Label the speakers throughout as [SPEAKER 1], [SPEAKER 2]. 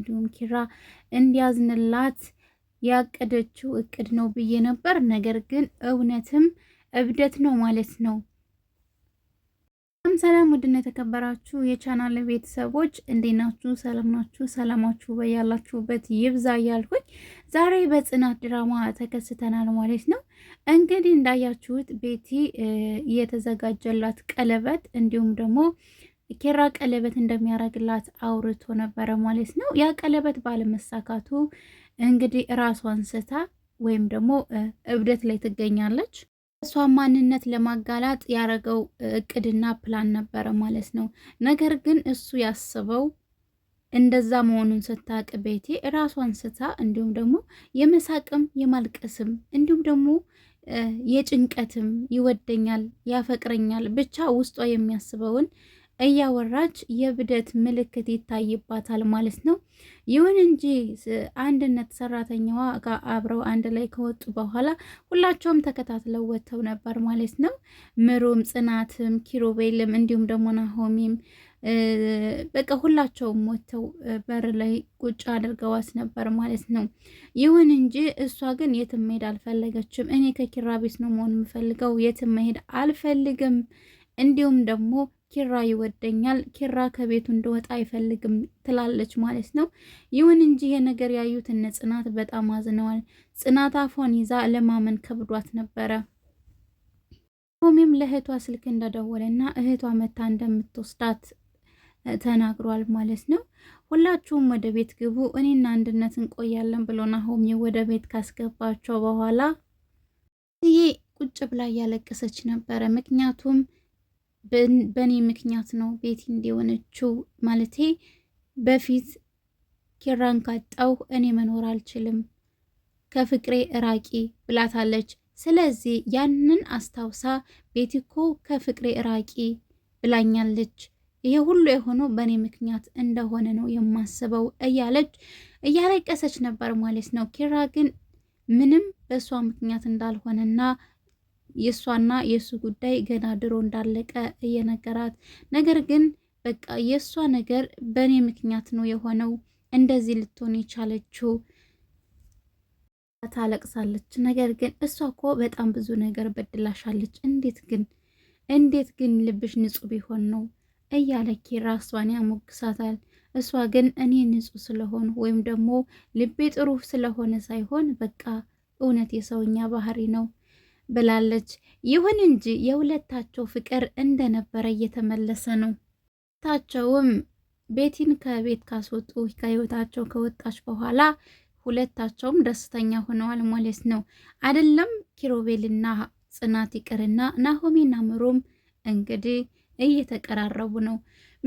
[SPEAKER 1] እንዲሁም ኪራ እንዲያዝንላት ያቀደችው እቅድ ነው ብዬ ነበር። ነገር ግን እውነትም እብደት ነው ማለት ነው። ሰላም ውድና የተከበራችሁ የቻናል ቤተሰቦች እንዴት ናችሁ? ሰላም ናችሁ? ሰላማችሁ በያላችሁበት ይብዛ እያልኩኝ ዛሬ በጽናት ድራማ ተከስተናል ማለት ነው። እንግዲህ እንዳያችሁት ቤቲ የተዘጋጀላት ቀለበት እንዲሁም ደግሞ ኬራ ቀለበት እንደሚያደርግላት አውርቶ ነበረ ማለት ነው። ያ ቀለበት ባለመሳካቱ እንግዲህ ራሷን ስታ ወይም ደግሞ እብደት ላይ ትገኛለች። እሷ ማንነት ለማጋላጥ ያደረገው እቅድና ፕላን ነበረ ማለት ነው። ነገር ግን እሱ ያስበው እንደዛ መሆኑን ስታቅ ቤቴ እራሷን ስታ እንዲሁም ደግሞ የመሳቅም የማልቀስም እንዲሁም ደግሞ የጭንቀትም ይወደኛል፣ ያፈቅረኛል ብቻ ውስጧ የሚያስበውን እያወራች የብደት ምልክት ይታይባታል ማለት ነው። ይሁን እንጂ አንድነት ሰራተኛዋ ጋር አብረው አንድ ላይ ከወጡ በኋላ ሁላቸውም ተከታትለው ወጥተው ነበር ማለት ነው። ምሩም፣ ጽናትም፣ ኪሮቤልም እንዲሁም ደግሞ ናሆሚም በቃ ሁላቸውም ወጥተው በር ላይ ቁጭ አድርገዋት ነበር ማለት ነው። ይሁን እንጂ እሷ ግን የትም መሄድ አልፈለገችም። እኔ ከኪራ ቤት ነው መሆን የምፈልገው፣ የትም መሄድ አልፈልግም እንዲሁም ደግሞ ኪራ ይወደኛል፣ ኪራ ከቤቱ እንደወጣ አይፈልግም ትላለች ማለት ነው። ይሁን እንጂ ይሄ ነገር ያዩት እነ ጽናት በጣም አዝነዋል። ጽናት አፏን ይዛ ለማመን ከብዷት ነበረ። ሆሜም ለእህቷ ስልክ እንደደወለና እህቷ መታ እንደምትወስዳት ተናግሯል ማለት ነው። ሁላችሁም ወደ ቤት ግቡ፣ እኔና አንድነት እንቆያለን ብሎና ሆሜ ወደ ቤት ካስገባቸው በኋላ ይሄ ቁጭ ብላ እያለቀሰች ነበረ ምክንያቱም በእኔ ምክንያት ነው ቤቲ እንደሆነችው ማለቴ በፊት ኪራን ካጣው እኔ መኖር አልችልም ከፍቅሬ እራቂ ብላታለች። ስለዚህ ያንን አስታውሳ ቤቲ እኮ ከፍቅሬ እራቂ ብላኛለች፣ ይሄ ሁሉ የሆነው በእኔ ምክንያት እንደሆነ ነው የማስበው እያለች እያለቀሰች ነበር ማለት ነው። ኪራ ግን ምንም በእሷ ምክንያት እንዳልሆነና የእሷና የእሱ ጉዳይ ገና ድሮ እንዳለቀ እየነገራት ነገር ግን በቃ የእሷ ነገር በእኔ ምክንያት ነው የሆነው፣ እንደዚህ ልትሆን የቻለችው ታለቅሳለች። ነገር ግን እሷ እኮ በጣም ብዙ ነገር በድላሻለች። እንዴት ግን እንዴት ግን ልብሽ ንጹሕ ቢሆን ነው እያለ ኪራ እሷን ያሞግሳታል። እሷ ግን እኔ ንጹሕ ስለሆን ወይም ደግሞ ልቤ ጥሩ ስለሆነ ሳይሆን በቃ እውነት የሰውኛ ባህሪ ነው ብላለች። ይሁን እንጂ የሁለታቸው ፍቅር እንደነበረ እየተመለሰ ነው። ሁለታቸውም ቤቲን ከቤት ካስወጡ ከህይወታቸው ከወጣች በኋላ ሁለታቸውም ደስተኛ ሆነዋል ማለት ነው። አይደለም ኪሮቤልና ጽናት ይቅርና ናሆሜና ምሩም እንግዲህ እየተቀራረቡ ነው።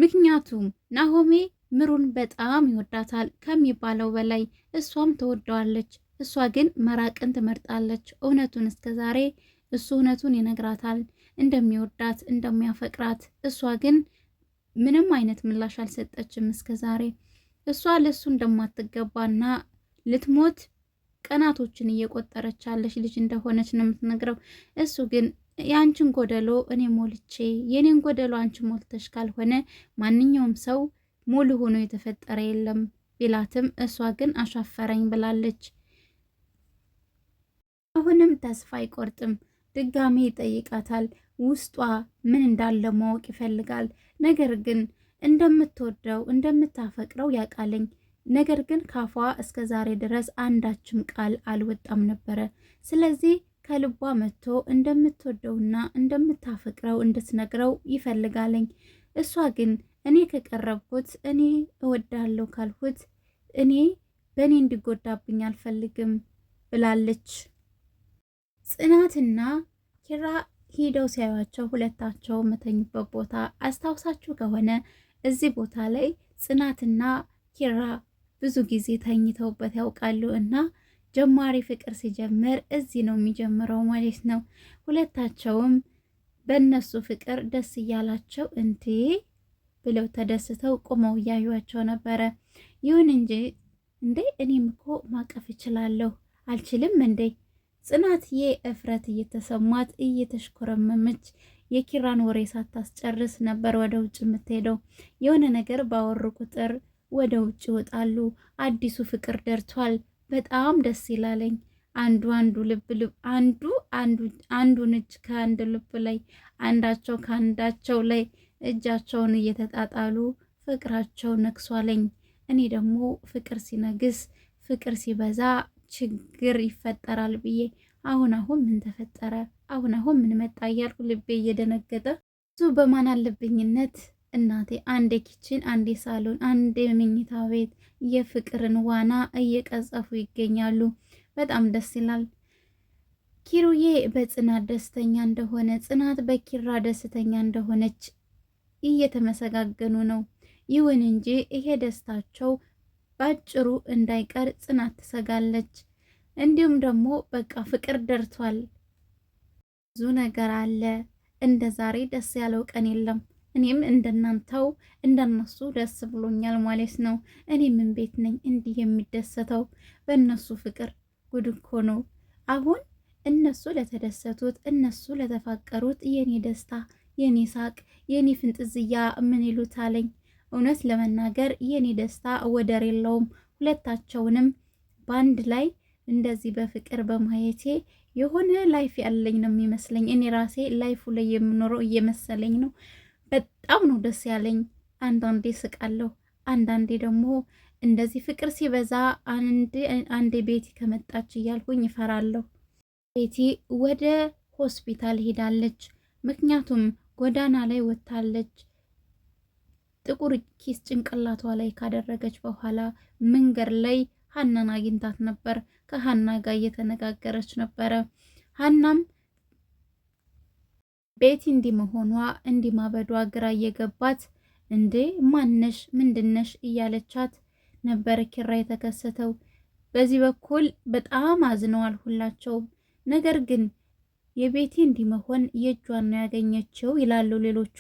[SPEAKER 1] ምክንያቱም ናሆሜ ምሩን በጣም ይወዳታል ከሚባለው በላይ እሷም ተወደዋለች። እሷ ግን መራቅን ትመርጣለች። እውነቱን እስከ ዛሬ እሱ እውነቱን ይነግራታል እንደሚወዳት እንደሚያፈቅራት። እሷ ግን ምንም አይነት ምላሽ አልሰጠችም እስከ ዛሬ እሷ ለእሱ እንደማትገባና ልትሞት ቀናቶችን እየቆጠረች ያለች ልጅ እንደሆነች ነው የምትነግረው። እሱ ግን የአንቺን ጎደሎ እኔ ሞልቼ የኔን ጎደሎ አንቺ ሞልተሽ ካልሆነ ማንኛውም ሰው ሙሉ ሆኖ የተፈጠረ የለም ቢላትም እሷ ግን አሻፈረኝ ብላለች። አሁንም ተስፋ አይቆርጥም። ድጋሜ ይጠይቃታል። ውስጧ ምን እንዳለ ማወቅ ይፈልጋል። ነገር ግን እንደምትወደው እንደምታፈቅረው ያውቃለኝ። ነገር ግን ካፏ እስከ ዛሬ ድረስ አንዳችም ቃል አልወጣም ነበረ። ስለዚህ ከልቧ መጥቶ እንደምትወደውና እንደምታፈቅረው እንድትነግረው ይፈልጋለኝ። እሷ ግን እኔ ከቀረብኩት፣ እኔ እወዳለሁ ካልኩት፣ እኔ በእኔ እንዲጎዳብኝ አልፈልግም ብላለች። ጽናትና ኪራ ሂደው ሲያዩቸው ሁለታቸው መተኙበት ቦታ አስታውሳችሁ ከሆነ እዚህ ቦታ ላይ ጽናትና ኪራ ብዙ ጊዜ ተኝተውበት ያውቃሉ እና ጀማሪ ፍቅር ሲጀምር እዚህ ነው የሚጀምረው ማለት ነው። ሁለታቸውም በእነሱ ፍቅር ደስ እያላቸው እንዴ ብለው ተደስተው ቁመው እያዩቸው ነበረ። ይሁን እንጂ እንዴ እኔም እኮ ማቀፍ እችላለሁ አልችልም እንዴ ጽናትዬ እፍረት እየተሰማት እየተሽኮረመመች የኪራን ወሬ ሳታስጨርስ ነበር ወደ ውጭ የምትሄደው። የሆነ ነገር ባወሩ ቁጥር ወደ ውጭ ይወጣሉ። አዲሱ ፍቅር ደርቷል። በጣም ደስ ይላለኝ። አንዱ አንዱ ልብ ልብ አንዱ አንዱ አንዱን እጅ ከአንድ ልብ ላይ አንዳቸው ከአንዳቸው ላይ እጃቸውን እየተጣጣሉ ፍቅራቸው ነግሷለኝ። እኔ ደግሞ ፍቅር ሲነግስ ፍቅር ሲበዛ ችግር ይፈጠራል ብዬ አሁን አሁን ምን ተፈጠረ፣ አሁን አሁን ምን መጣ እያልኩ ልቤ እየደነገጠ ብዙ በማን አለብኝነት እናቴ አንዴ ኪችን፣ አንዴ ሳሎን፣ አንዴ መኝታ ቤት የፍቅርን ዋና እየቀጸፉ ይገኛሉ። በጣም ደስ ይላል። ኪሩዬ በጽናት ደስተኛ እንደሆነ፣ ጽናት በኪራ ደስተኛ እንደሆነች እየተመሰጋገኑ ነው። ይሁን እንጂ ይሄ ደስታቸው ባጭሩ እንዳይቀር ጽናት ትሰጋለች። እንዲሁም ደግሞ በቃ ፍቅር ደርቷል፣ ብዙ ነገር አለ፣ እንደ ዛሬ ደስ ያለው ቀን የለም። እኔም እንደናንተው እንደነሱ ደስ ብሎኛል ማለት ነው። እኔም ምን ቤት ነኝ እንዲህ የሚደሰተው በእነሱ ፍቅር? ጉድ እኮ ነው። አሁን እነሱ ለተደሰቱት፣ እነሱ ለተፋቀሩት የኔ ደስታ፣ የኔ ሳቅ፣ የኔ ፍንጥዝያ ምን ይሉታለኝ እውነት ለመናገር የኔ ደስታ ወደር የለውም። ሁለታቸውንም በአንድ ላይ እንደዚህ በፍቅር በማየቴ የሆነ ላይፍ ያለኝ ነው የሚመስለኝ። እኔ ራሴ ላይፉ ላይ የምኖረው እየመሰለኝ ነው። በጣም ነው ደስ ያለኝ። አንዳንዴ ስቃለሁ፣ አንዳንዴ ደግሞ እንደዚህ ፍቅር ሲበዛ አንዴ ቤቲ ከመጣች እያልኩኝ ይፈራለሁ። ቤቲ ወደ ሆስፒታል ሄዳለች፣ ምክንያቱም ጎዳና ላይ ወጥታለች። ጥቁር ኪስ ጭንቅላቷ ላይ ካደረገች በኋላ መንገድ ላይ ሀናን አግኝታት ነበር። ከሀና ጋር እየተነጋገረች ነበረ። ሀናም ቤቲ እንዲህ መሆኗ እንዲህ ማበዷ ግራ እየገባት እንዴ ማነሽ ምንድነሽ እያለቻት ነበር። ኪራ የተከሰተው በዚህ በኩል በጣም አዝነዋል ሁላቸውም። ነገር ግን የቤቲ እንዲህ መሆን የእጇን ነው ያገኘችው ይላሉ ሌሎቹ።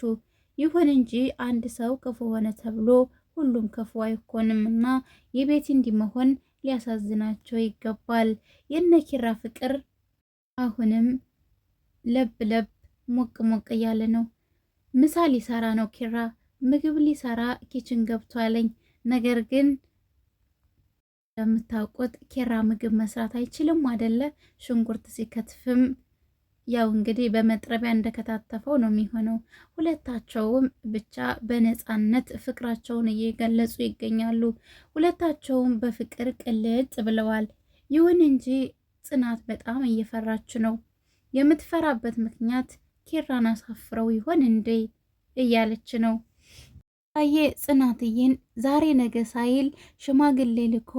[SPEAKER 1] ይሁን እንጂ አንድ ሰው ክፉ ሆነ ተብሎ ሁሉም ክፉ አይኮንም እና የቤቲ እንዲመሆን ሊያሳዝናቸው ይገባል። የነኪራ ፍቅር አሁንም ለብ ለብ ሞቅ ሞቅ እያለ ነው። ምሳ ሊሰራ ነው ኪራ። ምግብ ሊሰራ ኪችን ገብቷለኝ። ነገር ግን እንደምታውቁት ኪራ ምግብ መስራት አይችልም አደለ? ሽንኩርት ሲከትፍም ያው እንግዲህ በመጥረቢያ እንደከታተፈው ነው የሚሆነው። ሁለታቸውም ብቻ በነፃነት ፍቅራቸውን እየገለጹ ይገኛሉ። ሁለታቸውም በፍቅር ቅልጥ ብለዋል። ይሁን እንጂ ጽናት በጣም እየፈራች ነው። የምትፈራበት ምክንያት ኪራን አሳፍረው ይሆን እንዴ እያለች ነው። አየ ጽናትዬን ዛሬ ነገ ሳይል ሽማግሌ ልኮ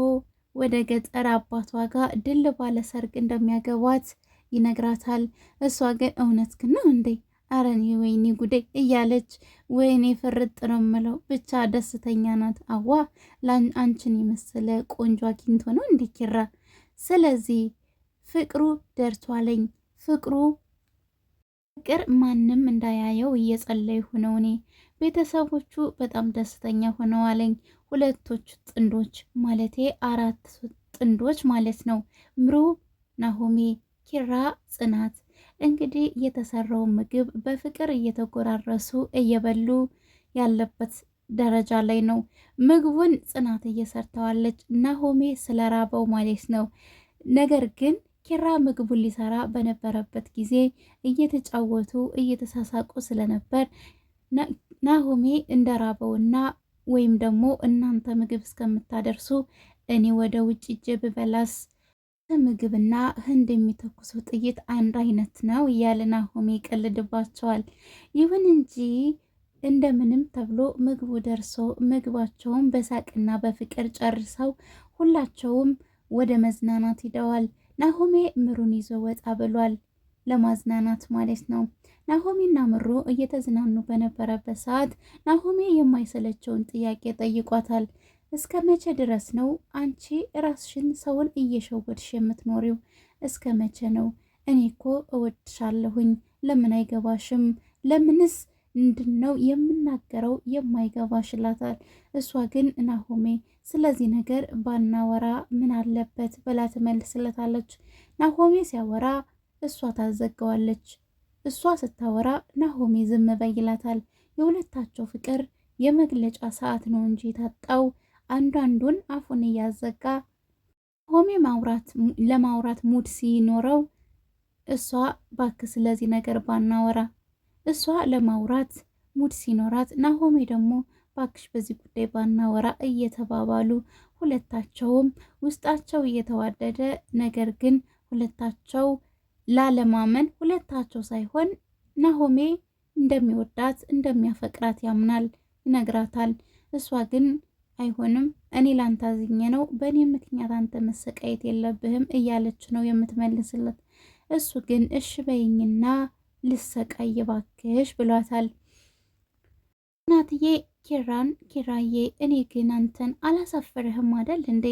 [SPEAKER 1] ወደ ገጠር አባቷ ጋር ድል ባለ ሰርግ እንደሚያገባት ይነግራታል። እሷ ግን እውነት ግን ነው እንዴ አረኔ ወይኔ ጉዴ እያለች ወይኔ ፍርጥ ነው ምለው ብቻ ደስተኛ ናት። አዋ አንቺን የመሰለ ቆንጆ አግኝቶ ነው እንዴ ኪራ። ስለዚህ ፍቅሩ ደርቷለኝ ፍቅሩ ፍቅር ማንም እንዳያየው እየጸለይሁ ነው እኔ። ቤተሰቦቹ በጣም ደስተኛ ሆነዋለኝ። ሁለቶች ጥንዶች ማለቴ አራት ጥንዶች ማለት ነው ምሩ ናሆሜ ኪራ ጽናት እንግዲህ የተሰራውን ምግብ በፍቅር እየተጎራረሱ እየበሉ ያለበት ደረጃ ላይ ነው። ምግቡን ጽናት እየሰርተዋለች ናሆሜ ስለራበው ማለት ነው። ነገር ግን ኪራ ምግቡን ሊሰራ በነበረበት ጊዜ እየተጫወቱ እየተሳሳቁ ስለነበር ናሆሜ እንደራበውና ወይም ደግሞ እናንተ ምግብ እስከምታደርሱ እኔ ወደ ውጭ እጄ ብበላስ ምግብና ህንድ የሚተኩሰው ጥይት አንድ አይነት ነው እያለ ናሆሜ ይቀልድባቸዋል። ይሁን እንጂ እንደምንም ተብሎ ምግቡ ደርሶ ምግባቸውን በሳቅና በፍቅር ጨርሰው ሁላቸውም ወደ መዝናናት ሂደዋል። ናሆሜ ምሩን ይዞ ወጣ ብሏል፣ ለማዝናናት ማለት ነው። ናሆሜና ምሩ እየተዝናኑ በነበረበት ሰዓት ናሆሜ የማይሰለቸውን ጥያቄ ጠይቋታል። እስከ መቼ ድረስ ነው አንቺ ራስሽን ሰውን እየሸወድሽ የምትኖሪው? እስከ መቼ ነው? እኔ እኮ እወድሻለሁኝ። ለምን አይገባሽም? ለምንስ ምንድን ነው የምናገረው የማይገባሽ እሷ ግን ናሆሜ ስለዚህ ነገር ባናወራ ምን አለበት ብላ ትመልስለታለች። ናሆሜ ሲያወራ እሷ ታዘገዋለች፣ እሷ ስታወራ ናሆሜ ዝም በይላታል። የሁለታቸው ፍቅር የመግለጫ ሰዓት ነው እንጂ ታጣው አንዳንዱን አፉን እያዘጋ ሆሜ ማውራት ለማውራት ሙድ ሲኖረው እሷ ባክ ስለዚህ ነገር ባናወራ እሷ ለማውራት ሙድ ሲኖራት ናሆሜ ደግሞ ባክሽ በዚህ ጉዳይ ባናወራ እየተባባሉ ሁለታቸውም ውስጣቸው እየተዋደደ ነገር ግን ሁለታቸው ላለማመን ሁለታቸው ሳይሆን ናሆሜ እንደሚወዳት እንደሚያፈቅራት ያምናል፣ ይነግራታል። እሷ ግን አይሆንም እኔ ላንተ አዝኜ ነው፣ በእኔ ምክንያት አንተ መሰቃየት የለብህም እያለች ነው የምትመልስለት። እሱ ግን እሽ በይኝና ልሰቃይ ባክሽ ብሏታል። እናትዬ ኪራን ኪራዬ፣ እኔ ግን አንተን አላሳፈርህም አደል እንዴ?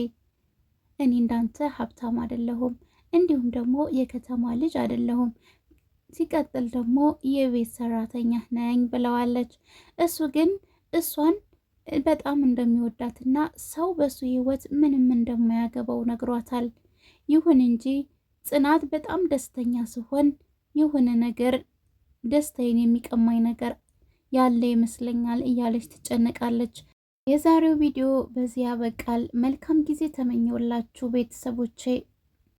[SPEAKER 1] እኔ እንዳንተ ሀብታም አደለሁም፣ እንዲሁም ደግሞ የከተማ ልጅ አደለሁም። ሲቀጥል ደግሞ የቤት ሰራተኛ ነኝ ብለዋለች። እሱ ግን እሷን በጣም እንደሚወዳትና ሰው በሱ ህይወት ምንም እንደማያገባው ነግሯታል። ይሁን እንጂ ጽናት በጣም ደስተኛ ሲሆን የሆነ ነገር ደስታዬን የሚቀማኝ ነገር ያለ ይመስለኛል እያለች ትጨነቃለች። የዛሬው ቪዲዮ በዚህ ያበቃል። መልካም ጊዜ ተመኘውላችሁ ቤተሰቦቼ።